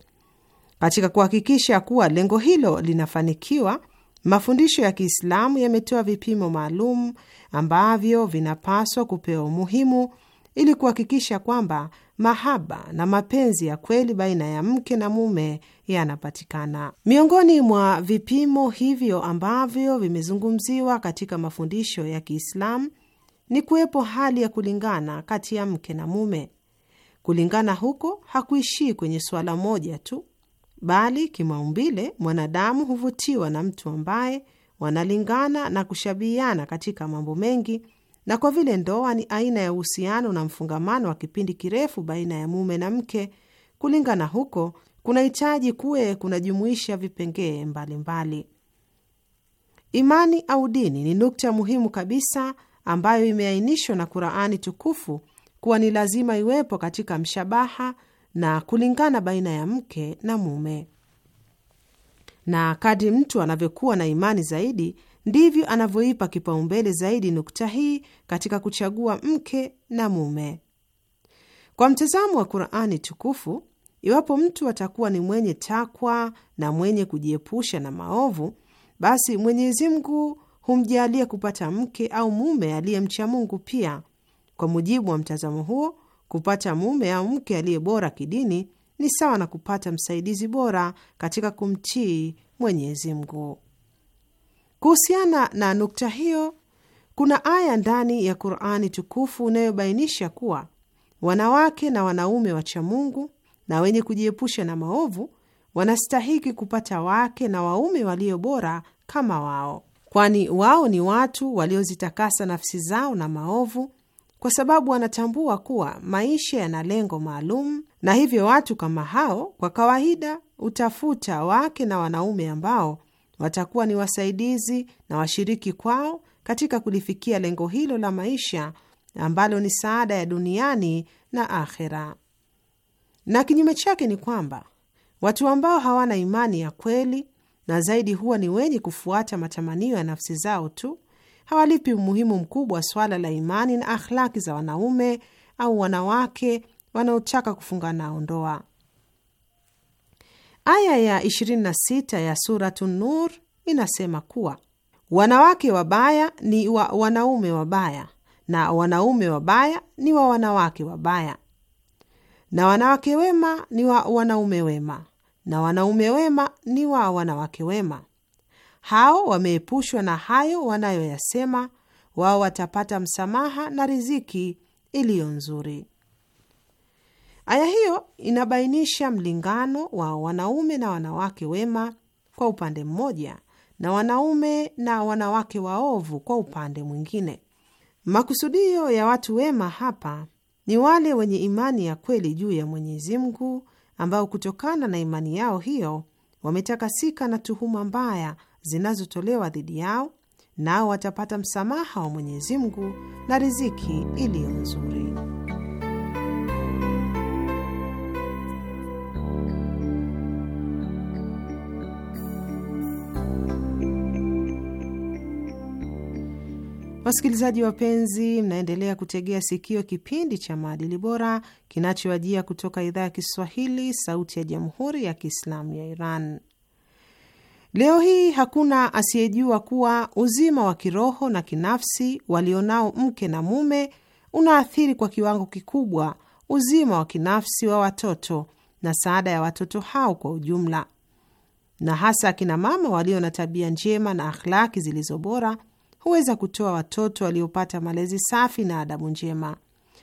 katika kuhakikisha kuwa lengo hilo linafanikiwa, mafundisho ya Kiislamu yametoa vipimo maalum ambavyo vinapaswa kupewa umuhimu ili kuhakikisha kwamba mahaba na mapenzi ya kweli baina ya mke na mume yanapatikana. Miongoni mwa vipimo hivyo ambavyo vimezungumziwa katika mafundisho ya Kiislamu ni kuwepo hali ya kulingana kati ya mke na mume. Kulingana huko hakuishii kwenye suala moja tu, bali kimaumbile mwanadamu huvutiwa na mtu ambaye wanalingana na kushabihiana katika mambo mengi, na kwa vile ndoa ni aina ya uhusiano na mfungamano wa kipindi kirefu baina ya mume na mke, kulingana huko kunahitaji kuwe kunajumuisha vipengee mbalimbali. Imani au dini ni nukta muhimu kabisa ambayo imeainishwa na Qur'ani tukufu kuwa ni lazima iwepo katika mshabaha na kulingana baina ya mke na mume. Na kadri mtu anavyokuwa na imani zaidi, ndivyo anavyoipa kipaumbele zaidi nukta hii katika kuchagua mke na mume. Kwa mtazamo wa Qur'ani tukufu, iwapo mtu atakuwa ni mwenye takwa na mwenye kujiepusha na maovu, basi Mwenyezi Mungu humjalia kupata mke au mume aliyemcha Mungu pia. Kwa mujibu wa mtazamo huo Kupata mume au mke aliye bora kidini ni sawa na kupata msaidizi bora katika kumtii Mwenyezi Mungu. Kuhusiana na nukta hiyo, kuna aya ndani ya Qur'ani tukufu inayobainisha kuwa wanawake na wanaume wacha Mungu na wenye kujiepusha na maovu wanastahiki kupata wake na waume walio bora kama wao, kwani wao ni watu waliozitakasa nafsi zao na maovu kwa sababu wanatambua kuwa maisha yana lengo maalum, na hivyo watu kama hao kwa kawaida utafuta wake na wanaume ambao watakuwa ni wasaidizi na washiriki kwao katika kulifikia lengo hilo la maisha ambalo ni saada ya duniani na akhera. Na kinyume chake ni kwamba watu ambao hawana imani ya kweli na zaidi huwa ni wenye kufuata matamanio ya nafsi zao tu hawalipi umuhimu mkubwa wa swala la imani na akhlaki za wanaume au wanawake wanaotaka kufunga nao ndoa. Aya ya 26 ya Suratu Nur inasema kuwa wanawake wabaya ni wa wanaume wabaya na wanaume wabaya ni wa wanawake wabaya, na wanawake wema ni wa wanaume wema na wanaume wema ni wa wanawake wema. Hao wameepushwa na hayo wanayoyasema, wao watapata msamaha na riziki iliyo nzuri. Aya hiyo inabainisha mlingano wa wanaume na wanawake wema kwa upande mmoja, na wanaume na wanawake waovu kwa upande mwingine. Makusudio ya watu wema hapa ni wale wenye imani ya kweli juu ya Mwenyezi Mungu, ambao kutokana na imani yao hiyo wametakasika na tuhuma mbaya zinazotolewa dhidi yao, nao watapata msamaha wa Mwenyezi Mungu na riziki iliyo nzuri. Wasikilizaji wapenzi, mnaendelea kutegea sikio kipindi cha maadili bora kinachoajia kutoka idhaa ya Kiswahili, Sauti ya Jamhuri ya Kiislamu ya Iran. Leo hii hakuna asiyejua kuwa uzima wa kiroho na kinafsi walionao mke na mume unaathiri kwa kiwango kikubwa uzima wa kinafsi wa watoto na saada ya watoto hao kwa ujumla, na hasa akina mama walio na tabia njema na akhlaki zilizo bora huweza kutoa watoto waliopata malezi safi na adabu njema.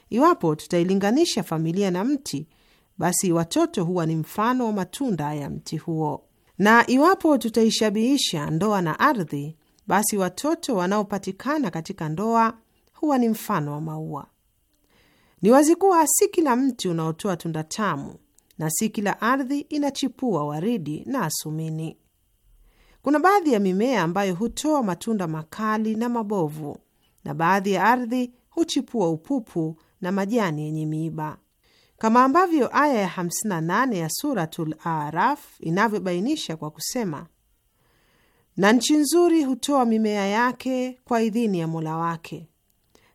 Iwapo tutailinganisha familia na mti, basi watoto huwa ni mfano wa matunda ya mti huo na iwapo tutaishabihisha ndoa na ardhi, basi watoto wanaopatikana katika ndoa huwa ni mfano wa maua. Ni wazi kuwa si kila mti unaotoa tunda tamu na si kila ardhi inachipua waridi na asumini. Kuna baadhi ya mimea ambayo hutoa matunda makali na mabovu, na baadhi ya ardhi huchipua upupu na majani yenye miiba kama ambavyo aya ya 58 ya Suratul Araf inavyobainisha kwa kusema, na nchi nzuri hutoa mimea yake kwa idhini ya Mola wake,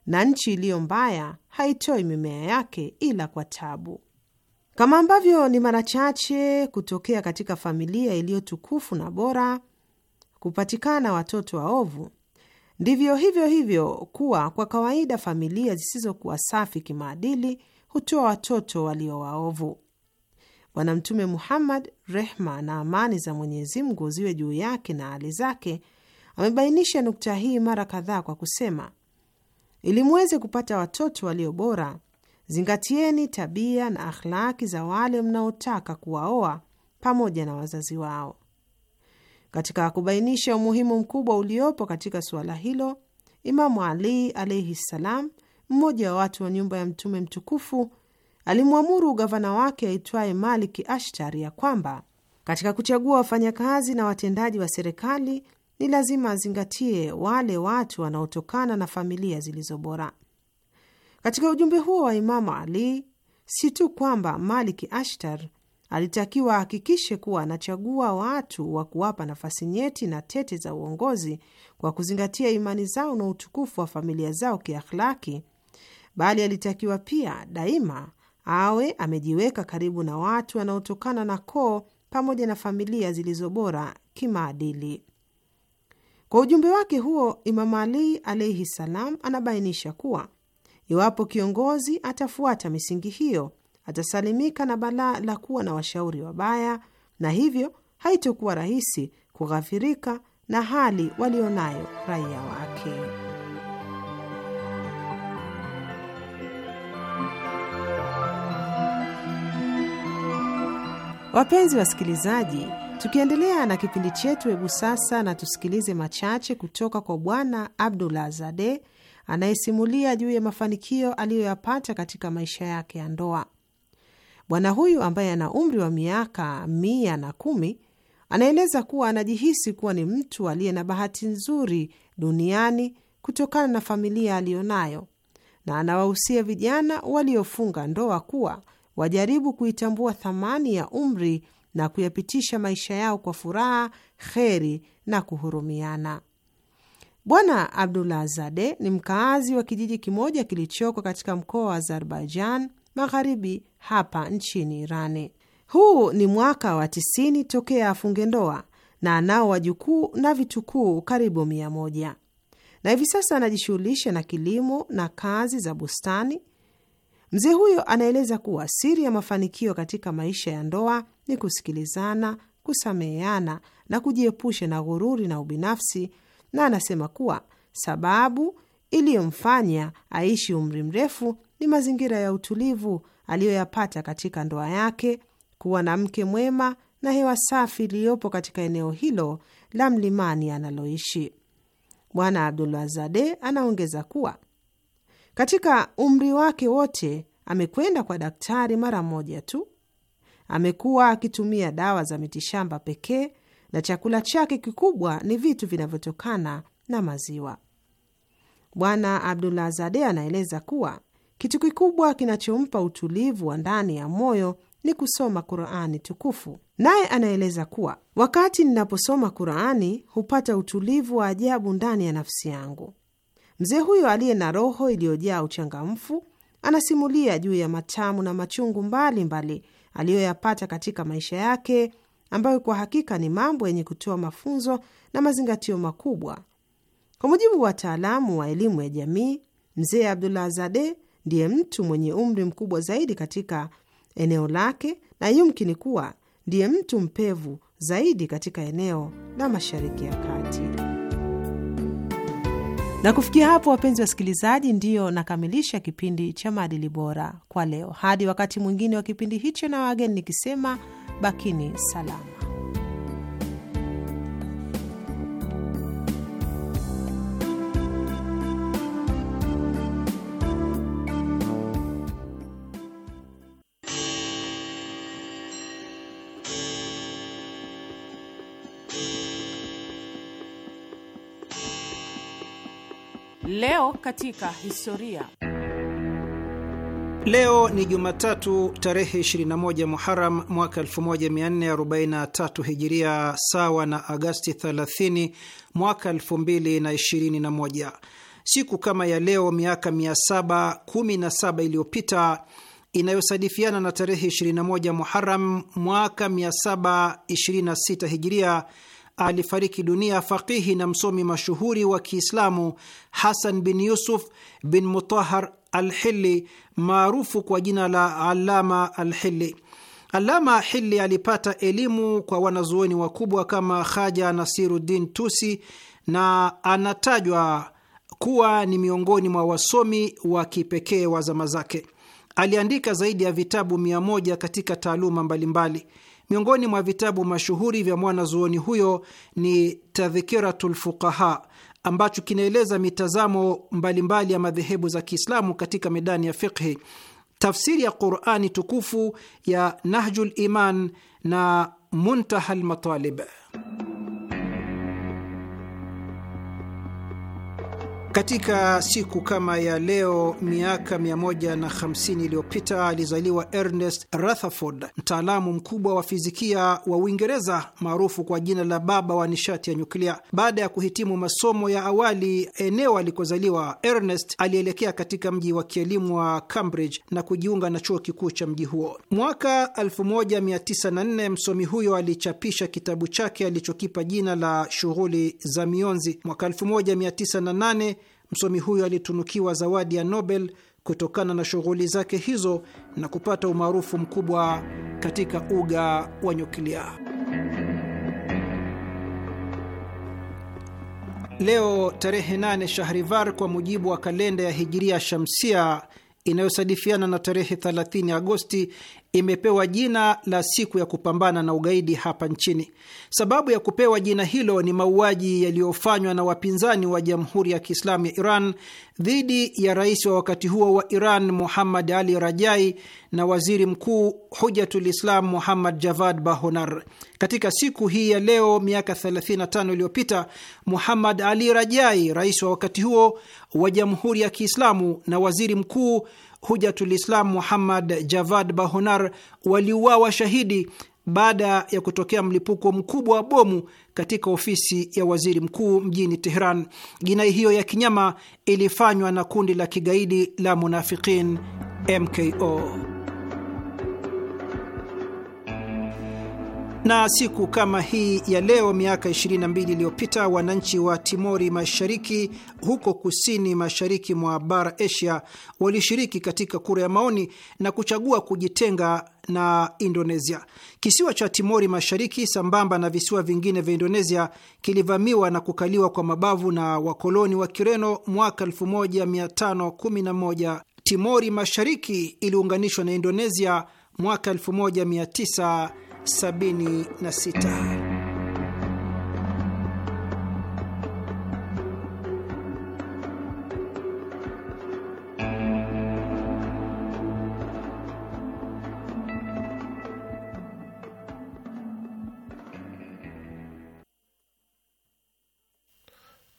na nchi iliyo mbaya haitoi mimea yake ila kwa tabu. Kama ambavyo ni mara chache kutokea katika familia iliyo tukufu na bora kupatikana watoto waovu, ndivyo hivyo hivyo kuwa kwa kawaida familia zisizokuwa safi kimaadili hutoa watoto walio waovu. Bwana Mtume Muhammad, rehma na amani za Mwenyezi Mungu ziwe juu yake na hali zake, amebainisha nukta hii mara kadhaa kwa kusema, ili muweze kupata watoto walio bora, zingatieni tabia na akhlaki za wale mnaotaka kuwaoa pamoja na wazazi wao. Katika kubainisha umuhimu mkubwa uliopo katika suala hilo, Imamu Ali alaihi ssalam mmoja wa watu wa nyumba ya Mtume mtukufu alimwamuru gavana wake aitwaye Maliki Ashtari ya kwamba katika kuchagua wafanyakazi na watendaji wa serikali ni lazima azingatie wale watu wanaotokana na familia zilizo bora. Katika ujumbe huo wa Imamu Ali, si tu kwamba Maliki Ashtar alitakiwa ahakikishe kuwa anachagua watu wa kuwapa nafasi nyeti na tete za uongozi kwa kuzingatia imani zao na utukufu wa familia zao kiakhlaki, bali alitakiwa pia daima awe amejiweka karibu na watu wanaotokana na koo pamoja na familia zilizobora kimaadili. Kwa ujumbe wake huo, Imamu Ali alaihi salam anabainisha kuwa iwapo kiongozi atafuata misingi hiyo atasalimika na balaa la kuwa na washauri wabaya, na hivyo haitokuwa rahisi kughafirika na hali walionayo raia wake. Wapenzi wasikilizaji, tukiendelea na kipindi chetu, hebu sasa na tusikilize machache kutoka kwa Bwana Abdullah Zade anayesimulia juu ya mafanikio aliyoyapata katika maisha yake ya ndoa. Bwana huyu ambaye ana umri wa miaka mia na kumi anaeleza kuwa anajihisi kuwa ni mtu aliye na bahati nzuri duniani kutokana na familia aliyonayo, na anawahusia vijana waliofunga ndoa kuwa wajaribu kuitambua thamani ya umri na kuyapitisha maisha yao kwa furaha, kheri na kuhurumiana. Bwana Abdullah Zade ni mkaazi wa kijiji kimoja kilichoko katika mkoa wa Azerbaijan Magharibi, hapa nchini Irani. Huu ni mwaka wa tisini tokea afunge ndoa na anao wajukuu na vitukuu karibu mia moja na hivi sasa anajishughulisha na kilimo na kazi za bustani Mzee huyo anaeleza kuwa siri ya mafanikio katika maisha ya ndoa ni kusikilizana, kusameheana na kujiepusha na ghururi na ubinafsi, na anasema kuwa sababu iliyomfanya aishi umri mrefu ni mazingira ya utulivu aliyoyapata katika ndoa yake, kuwa na mke mwema na hewa safi iliyopo katika eneo hilo la mlimani analoishi. Bwana Abdulwazade anaongeza kuwa katika umri wake wote amekwenda kwa daktari mara moja tu. Amekuwa akitumia dawa za mitishamba pekee na chakula chake kikubwa ni vitu vinavyotokana na maziwa. Bwana Abdullah Zade anaeleza kuwa kitu kikubwa kinachompa utulivu wa ndani ya moyo ni kusoma Qurani tukufu. Naye anaeleza kuwa wakati ninaposoma Qurani hupata utulivu wa ajabu ndani ya nafsi yangu. Mzee huyo aliye na roho iliyojaa uchangamfu anasimulia juu ya matamu na machungu mbalimbali aliyoyapata katika maisha yake, ambayo kwa hakika ni mambo yenye kutoa mafunzo na mazingatio makubwa. Kwa mujibu wa wataalamu wa elimu ya jamii, mzee Abdullah Zade ndiye mtu mwenye umri mkubwa zaidi katika eneo lake na yumkini kuwa ndiye mtu mpevu zaidi katika eneo la Mashariki ya Kati. Na kufikia hapo, wapenzi wasikilizaji, ndiyo nakamilisha kipindi cha maadili bora kwa leo. Hadi wakati mwingine wa kipindi hicho, na wageni nikisema bakini salama. Leo katika historia. Leo ni Jumatatu tarehe 21 Muharam mwaka 1443 Hijiria, sawa na Agasti 30 mwaka 2021. Siku kama ya leo miaka 717 iliyopita inayosadifiana na tarehe 21 Muharam mwaka 726 Hijiria alifariki dunia faqihi na msomi mashuhuri wa Kiislamu Hasan bin Yusuf bin Mutahar Alhili, maarufu kwa jina la Alama Alhili. Alama Hili alipata elimu kwa wanazuoni wakubwa kama Haja Nasiruddin Tusi na anatajwa kuwa ni miongoni mwa wasomi wa kipekee wa zama zake. Aliandika zaidi ya vitabu mia moja katika taaluma mbalimbali. Miongoni mwa vitabu mashuhuri vya mwanazuoni huyo ni Tadhkiratul Fuqaha ambacho kinaeleza mitazamo mbalimbali mbali ya madhehebu za Kiislamu katika medani ya fiqhi, tafsiri ya Qurani tukufu ya Nahjul Iman na Muntaha Lmatalib. Katika siku kama ya leo miaka 150 iliyopita alizaliwa Ernest Rutherford, mtaalamu mkubwa wa fizikia wa Uingereza maarufu kwa jina la baba wa nishati ya nyuklia. Baada ya kuhitimu masomo ya awali eneo alikozaliwa, Ernest alielekea katika mji wa kielimu wa Cambridge na kujiunga na chuo kikuu cha mji huo. Mwaka 1904 msomi huyo alichapisha kitabu chake alichokipa jina la Shughuli za Mionzi. Mwaka 1908 Msomi huyo alitunukiwa zawadi ya Nobel kutokana na shughuli zake hizo na kupata umaarufu mkubwa katika uga wa nyuklia. Leo tarehe 8 Shahrivar kwa mujibu wa kalenda ya Hijiria Shamsia inayosadifiana na tarehe 30 Agosti imepewa jina la siku ya kupambana na ugaidi hapa nchini. Sababu ya kupewa jina hilo ni mauaji yaliyofanywa na wapinzani wa Jamhuri ya Kiislamu ya Iran dhidi ya rais wa wakati huo wa Iran Muhammad Ali Rajai na waziri mkuu Hujatul Islam Muhammad Javad Bahonar. Katika siku hii ya leo miaka 35 iliyopita, Muhammad Ali Rajai, rais wa wakati huo wa Jamhuri ya Kiislamu na waziri mkuu Hujatulislam Muhammad Javad Bahonar waliuawa shahidi baada ya kutokea mlipuko mkubwa wa bomu katika ofisi ya waziri mkuu mjini Tehran. Jinai hiyo ya kinyama ilifanywa na kundi la kigaidi la Munafiqin MKO. Na siku kama hii ya leo miaka 22 iliyopita wananchi wa Timori Mashariki huko kusini mashariki mwa bara Asia walishiriki katika kura ya maoni na kuchagua kujitenga na Indonesia. Kisiwa cha Timori Mashariki sambamba na visiwa vingine vya Indonesia kilivamiwa na kukaliwa kwa mabavu na wakoloni wa Kireno mwaka 1511. Timori Mashariki iliunganishwa na Indonesia mwaka 19 76.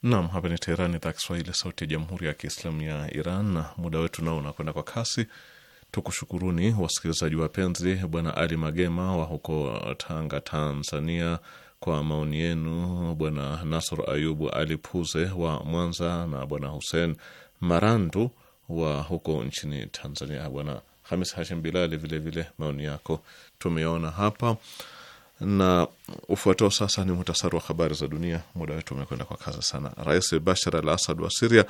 Nam, hapa ni Teherani, idhaa Kiswahili, sauti ya jamhuri ya kiislamu ya Iran, na muda wetu nao unakwenda kwa kasi. Tukushukuruni wasikilizaji wapenzi, Bwana Ali Magema wa huko Tanga, Tanzania, kwa maoni yenu, Bwana Nasr Ayubu Ali Puze wa Mwanza na Bwana Hussein Marandu wa huko nchini Tanzania. Bwana Hamis Hashim Bilali, vilevile maoni yako tumeona hapa, na ufuatao sasa ni muhtasari wa habari za dunia. Muda wetu umekwenda kwa kasi sana. Rais Bashar al Asad wa Siria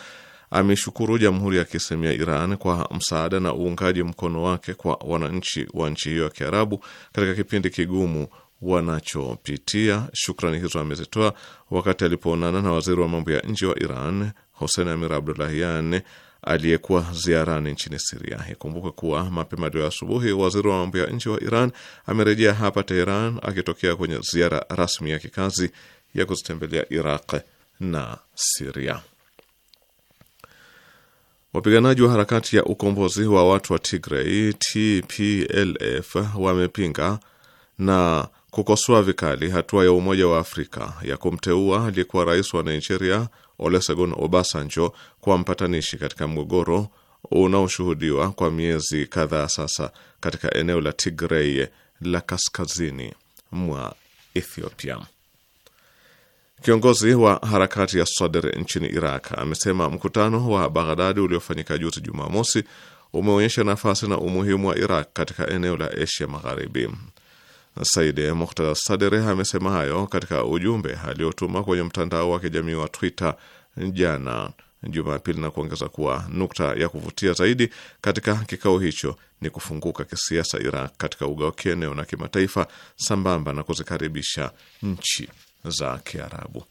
ameshukuru Jamhuri ya Kiislamu ya Iran kwa msaada na uungaji mkono wake kwa wananchi wa nchi hiyo ya Kiarabu katika kipindi kigumu wanachopitia. Shukrani hizo amezitoa wakati alipoonana na waziri wa mambo ya nje wa Iran Hossein Amir Abdollahian aliyekuwa ziarani nchini Siria. ikumbuke kuwa mapema leo asubuhi waziri wa mambo ya nje wa Iran amerejea hapa Teheran akitokea kwenye ziara rasmi ya kikazi ya kuzitembelea Iraq na Siria. Wapiganaji wa harakati ya ukombozi wa watu wa Tigray TPLF wamepinga na kukosoa vikali hatua ya Umoja wa Afrika ya kumteua aliyekuwa rais wa Nigeria Olusegun Obasanjo kwa mpatanishi katika mgogoro unaoshuhudiwa kwa miezi kadhaa sasa katika eneo la Tigray la kaskazini mwa Ethiopia. Kiongozi wa harakati ya Sadr nchini Iraq amesema mkutano wa Baghdadi uliofanyika juzi Jumamosi umeonyesha nafasi na umuhimu wa Iraq katika eneo la Asia Magharibi. Said Muqtada Sadr amesema hayo katika ujumbe aliotuma kwenye mtandao wa kijamii wa Twitter jana Jumapili na kuongeza kuwa nukta ya kuvutia zaidi katika kikao hicho ni kufunguka kisiasa Iraq katika uga wa kieneo na kimataifa sambamba na kuzikaribisha nchi za Kiarabu.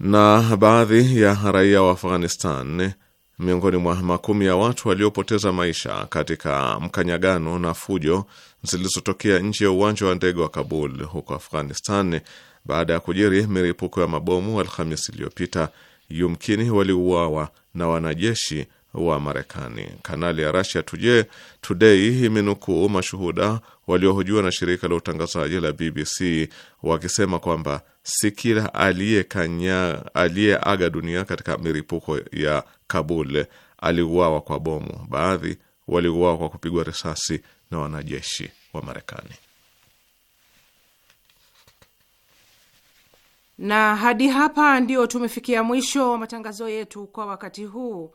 Na baadhi ya raia wa Afghanistan miongoni mwa makumi ya watu waliopoteza maisha katika mkanyagano na fujo zilizotokea nje ya uwanja wa ndege wa Kabul huko Afghanistan baada ya kujiri miripuko ya mabomu Alhamisi iliyopita, yumkini waliuawa na wanajeshi wa Marekani. Kanali ya Russia tuje Today imenukuu mashuhuda waliohojiwa na shirika la utangazaji la BBC wakisema kwamba si kila aliyeaga dunia katika miripuko ya Kabul aliuawa kwa bomu. Baadhi waliuawa kwa kupigwa risasi na wanajeshi wa Marekani. Na hadi hapa ndio tumefikia mwisho wa matangazo yetu kwa wakati huu.